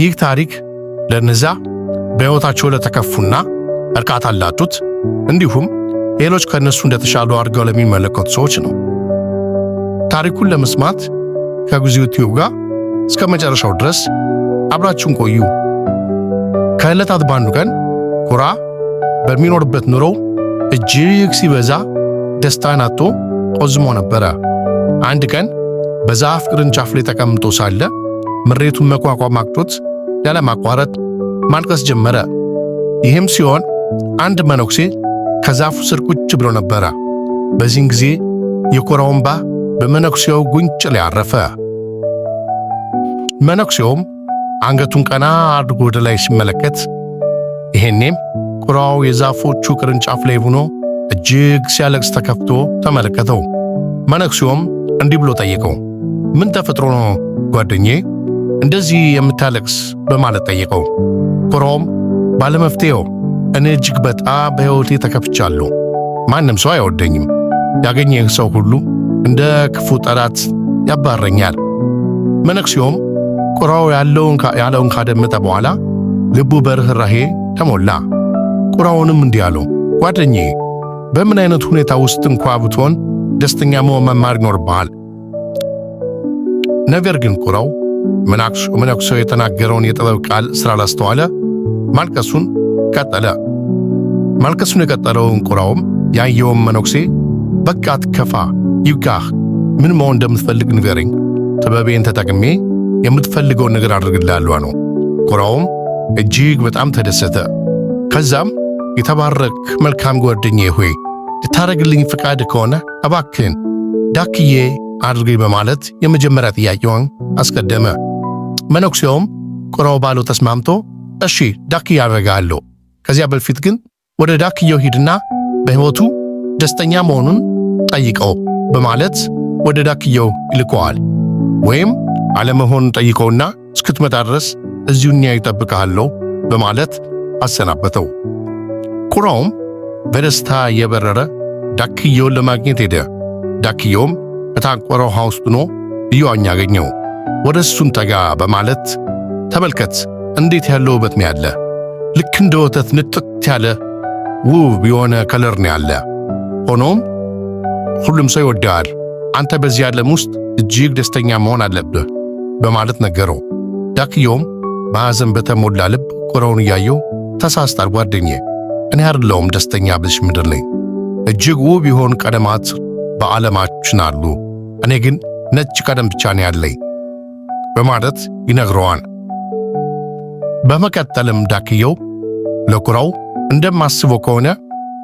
ይህ ታሪክ ለእነዚያ በሕይወታቸው ለተከፉና እርካታ ላጡት እንዲሁም ሌሎች ከእነሱ እንደተሻሉ አድርገው ለሚመለከቱ ሰዎች ነው። ታሪኩን ለመስማት ከጉዚው ዩቲዩብ ጋር እስከ መጨረሻው ድረስ አብራችሁን ቆዩ። ከዕለታት በአንዱ ቀን ኩራ በሚኖርበት ኑሮው እጅግ ሲበዛ ደስታን አጥቶ ቆዝሞ ነበረ። አንድ ቀን በዛፍ ቅርንጫፍ ላይ ተቀምጦ ሳለ ምሬቱን መቋቋም አቅቶት ያለማቋረጥ ማልቀስ ጀመረ። ይህም ሲሆን አንድ መነኩሴ ከዛፉ ስር ቁጭ ብሎ ነበረ። በዚህን ጊዜ የኮራው እንባ በመነኩሴው ጉንጭ ላይ አረፈ። መነኩሴውም አንገቱን ቀና አድርጎ ወደ ላይ ሲመለከት ይሄኔም ቁራው የዛፎቹ ቅርንጫፍ ላይ ሆኖ እጅግ ሲያለቅስ ተከፍቶ ተመለከተው። መነኩሴውም እንዲህ ብሎ ጠየቀው፣ ምን ተፈጥሮ ነው ጓደኜ? እንደዚህ የምታለቅስ በማለት ጠየቀው። ኩሮም ባለመፍትሄው እኔ እጅግ በጣም በሕይወቴ ተከፍቻለሁ። ማንም ሰው አይወደኝም። ያገኘህ ሰው ሁሉ እንደ ክፉ ጠላት ያባረኛል። መነክሲዮም ቁራው ያለውን ካደመጠ በኋላ ልቡ በርኅራሄ ተሞላ። ቁራውንም እንዲህ አለው፣ ጓደኜ በምን አይነት ሁኔታ ውስጥ እንኳ ብትሆን ደስተኛ መሆን መማር ይኖርብሃል። ነገር ግን ቁራው መነኩሴው የተናገረውን የጥበብ ቃል ስራ ላስተዋለ ማልቀሱን ቀጠለ። ማልቀሱን የቀጠለው እንቁራውም ያየውም መነኩሴ በቃ ከፋ ይብቃህ፣ ምን መሆን እንደምትፈልግ ንገረኝ፣ ጥበቤን ተጠቅሜ የምትፈልገውን ነገር አድርግልሃለሁ ነው። ቁራውም እጅግ በጣም ተደሰተ። ከዛም የተባረክ መልካም ጓደኛዬ ሆይ ልታረግልኝ ፈቃድ ከሆነ እባክህን ዳክዬ አድርጊ በማለት የመጀመሪያ ጥያቄዋን አስቀደመ። መነኩሴውም ቁራው ባለው ተስማምቶ እሺ ዳክ አደርጋለሁ፣ ከዚያ በፊት ግን ወደ ዳክየው ሂድና በሕይወቱ ደስተኛ መሆኑን ጠይቀው በማለት ወደ ዳክየው ይልከዋል። ወይም አለመሆኑን ጠይቀውና እስክትመጣ ድረስ እዚሁኛ ይጠብቅሃለሁ በማለት አሰናበተው። ቁራውም በደስታ የበረረ ዳክየውን ለማግኘት ሄደ። ዳክየውም ከታቆረው ውሃ ውስጥ ሆኖ ኢዮአኝ አገኘው። ወደ እሱም ጠጋ በማለት ተመልከት፣ እንዴት ያለ ውበት ነው ያለ! ልክ እንደ ወተት ንጥቅት ያለ ውብ የሆነ ከለር ነው ያለ። ሆኖም ሁሉም ሰው ይወደዋል። አንተ በዚህ ዓለም ውስጥ እጅግ ደስተኛ መሆን አለብህ በማለት ነገረው። ዳክየውም በሐዘን በተሞላ ልብ ቁረውን እያየው ተሳስታል ጓደኛዬ፣ እኔ አይደለሁም ደስተኛ በዚህ ምድር ላይ እጅግ ውብ የሆኑ ቀለማት በዓለማችን አሉ። እኔ ግን ነጭ ቀለም ብቻ ነው ያለኝ በማለት ይነግረዋል። በመቀጠልም ዳክየው ለኩራው እንደማስበው ከሆነ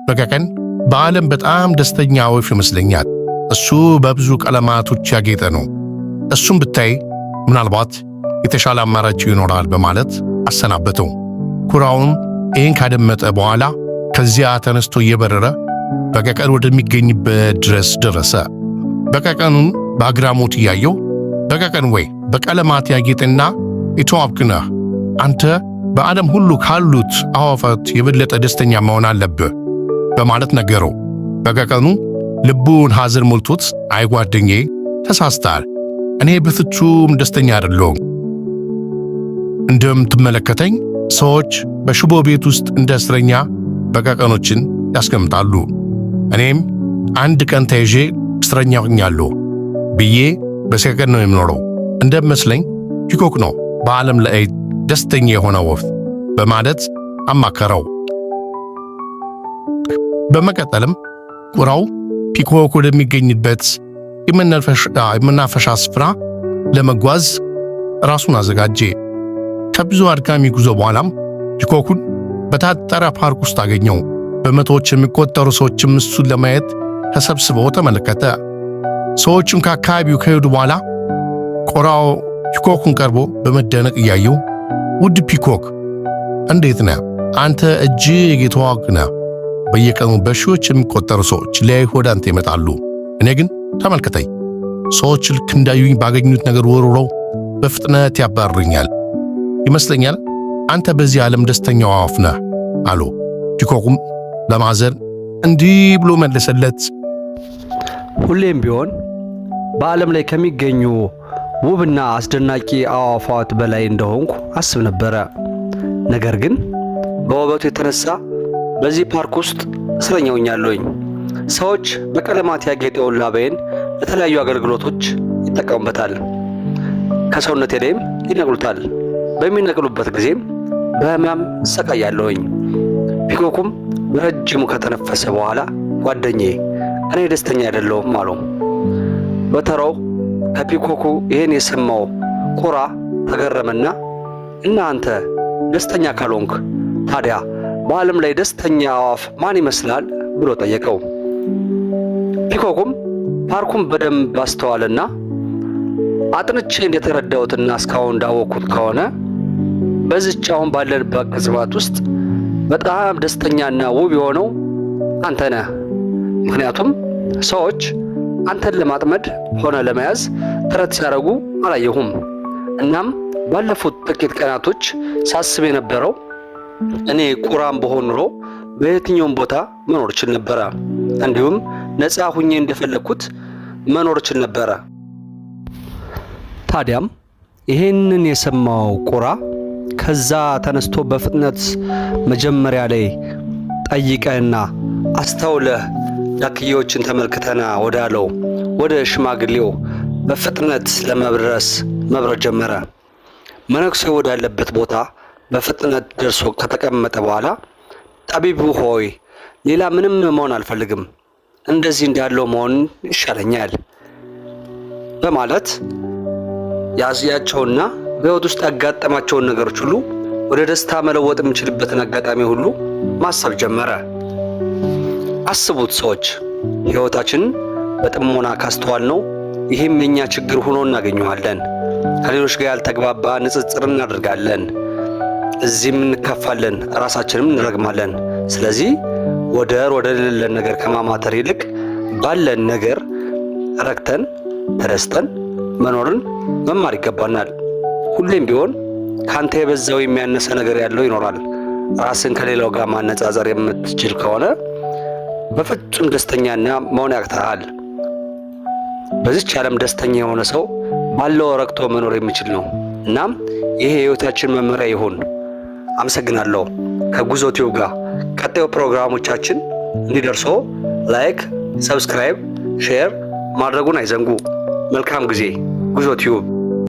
በቀቀን በዓለም በጣም ደስተኛ ወፍ ይመስለኛል። እሱ በብዙ ቀለማቶች ያጌጠ ነው። እሱም ብታይ ምናልባት የተሻለ አማራጭ ይኖራል በማለት አሰናበተው። ኩራውን ይህን ካደመጠ በኋላ ከዚያ ተነስቶ እየበረረ በቀቀን ወደሚገኝበት ድረስ ደረሰ። በቀቀኑን በአግራሞት እያየው በቀቀን ወይ በቀለማት ያጌጠና የተዋብክ ነህ አንተ በዓለም ሁሉ ካሉት አዋፋት የበለጠ ደስተኛ መሆን አለብህ በማለት ነገረው። በቀቀኑ ልቡን ሐዘን ሞልቶት አይ ጓደኜ ተሳስተሃል፣ እኔ በፍጹም ደስተኛ አይደለሁም። እንደምትመለከተኝ ሰዎች በሽቦ ቤት ውስጥ እንደ እስረኛ በቀቀኖችን ያስቀምጣሉ። እኔም አንድ ቀን ተይዤ እስረኛ ሆኛለሁ ብዬ በሰቀቀን ነው የምኖረው። እንደሚመስለኝ ሂኮክ ነው በዓለም ላይ ደስተኛ የሆነ ወፍ በማለት አማከረው። በመቀጠልም ቁራው ፒኮክ ወደሚገኝበት የመናፈሻ ስፍራ ለመጓዝ ራሱን አዘጋጀ። ከብዙ አድካሚ ጉዞ በኋላም ፒኮኩን በታጠረ ፓርክ ውስጥ አገኘው። በመቶዎች የሚቆጠሩ ሰዎችም እሱን ለማየት ተሰብስበው ተመለከተ። ሰዎቹም ከአካባቢው ከሄዱ በኋላ ቆራው ፒኮኩን ቀርቦ በመደነቅ እያየው ውድ ፒኮክ እንዴት ነህ? አንተ እጅግ የተዋወቅክ ነህ። በየቀኑ በሺዎች የሚቆጠሩ ሰዎች ሊያዩህ ወደ አንተ ይመጣሉ። እኔ ግን ተመልከተኝ፣ ሰዎች ልክ እንዳዩኝ ባገኙት ነገር ወርውረው በፍጥነት ያባርኛል። ይመስለኛል አንተ በዚህ ዓለም ደስተኛው አዋፍ ነህ አሉ። ፒኮኩም ለማዘን እንዲህ ብሎ መለሰለት። ሁሌም ቢሆን በዓለም ላይ ከሚገኙ ውብና አስደናቂ አዕዋፋት በላይ እንደሆንኩ አስብ ነበረ። ነገር ግን በውበቱ የተነሳ በዚህ ፓርክ ውስጥ እስረኛ ሆኛለሁኝ። ሰዎች በቀለማት ያጌጠውን ላባዬን ለተለያዩ አገልግሎቶች ይጠቀሙበታል። ከሰውነቴ ላይም ይነቅሉታል። በሚነቅሉበት ጊዜም በህመም ሰቃያለሁኝ። ፒኮኩም በረጅሙ ከተነፈሰ በኋላ ጓደኛዬ እኔ ደስተኛ አይደለሁም አሉ። በተራው ከፒኮኩ ይህን የሰማው ቁራ ተገረመና እናንተ ደስተኛ ካልሆንክ ታዲያ በዓለም ላይ ደስተኛ አዋፍ ማን ይመስላል ብሎ ጠየቀው። ፒኮኩም ፓርኩን በደንብ ባስተዋልና አጥንቼ እንደተረዳሁትና እስካሁን እንዳወቅኩት ከሆነ በዚች አሁን ባለንበት ቅጽበት ውስጥ በጣም ደስተኛና ውብ የሆነው አንተ ነህ ምክንያቱም ሰዎች አንተን ለማጥመድ ሆነ ለመያዝ ጥረት ሲያደርጉ አላየሁም። እናም ባለፉት ጥቂት ቀናቶች ሳስብ የነበረው እኔ ቁራም በሆን ኑሮ በየትኛውም ቦታ መኖር እችል ነበረ፣ እንዲሁም ነፃ ሁኜ እንደፈለግኩት መኖር እችል ነበረ። ታዲያም ይሄንን የሰማው ቁራ ከዛ ተነስቶ በፍጥነት መጀመሪያ ላይ ጠይቀህና አስተውለህ ያክዬዎችን ተመልክተና ወዳለው ወደ ሽማግሌው በፍጥነት ለመድረስ መብረር ጀመረ። መነኩሴው ወዳለበት ቦታ በፍጥነት ደርሶ ከተቀመጠ በኋላ ጠቢቡ ሆይ ሌላ ምንም መሆን አልፈልግም፣ እንደዚህ እንዳለው መሆን ይሻለኛል በማለት ያዝያቸውና በሕይወት ውስጥ ያጋጠማቸውን ነገሮች ሁሉ ወደ ደስታ መለወጥ የምችልበትን አጋጣሚ ሁሉ ማሰብ ጀመረ። አስቡት ሰዎች ሕይወታችንን በጥሞና ካስተዋል ነው ይህም የእኛ ችግር ሆኖ እናገኘዋለን። ከሌሎች ጋር ያልተግባባ ንጽጽር እናደርጋለን። እዚህም እንከፋለን፣ ራሳችንም እንረግማለን። ስለዚህ ወደር ወደሌለን ነገር ከማማተር ይልቅ ባለን ነገር ረክተን ተደስተን መኖርን መማር ይገባናል። ሁሌም ቢሆን ከአንተ የበዛው የሚያነሰ ነገር ያለው ይኖራል። ራስን ከሌላው ጋር ማነጻጸር የምትችል ከሆነ በፍጹም ደስተኛና መሆን ያቅታሃል። በዚች ዓለም ደስተኛ የሆነ ሰው ባለው ረክቶ መኖር የሚችል ነው። እናም ይህ የህይወታችን መመሪያ ይሁን። አመሰግናለሁ። ከጉዞ ቲዩብ ጋር ቀጣዩ ፕሮግራሞቻችን እንዲደርሶ ላይክ፣ ሰብስክራይብ፣ ሼር ማድረጉን አይዘንጉ። መልካም ጊዜ። ጉዞ ቲዩብ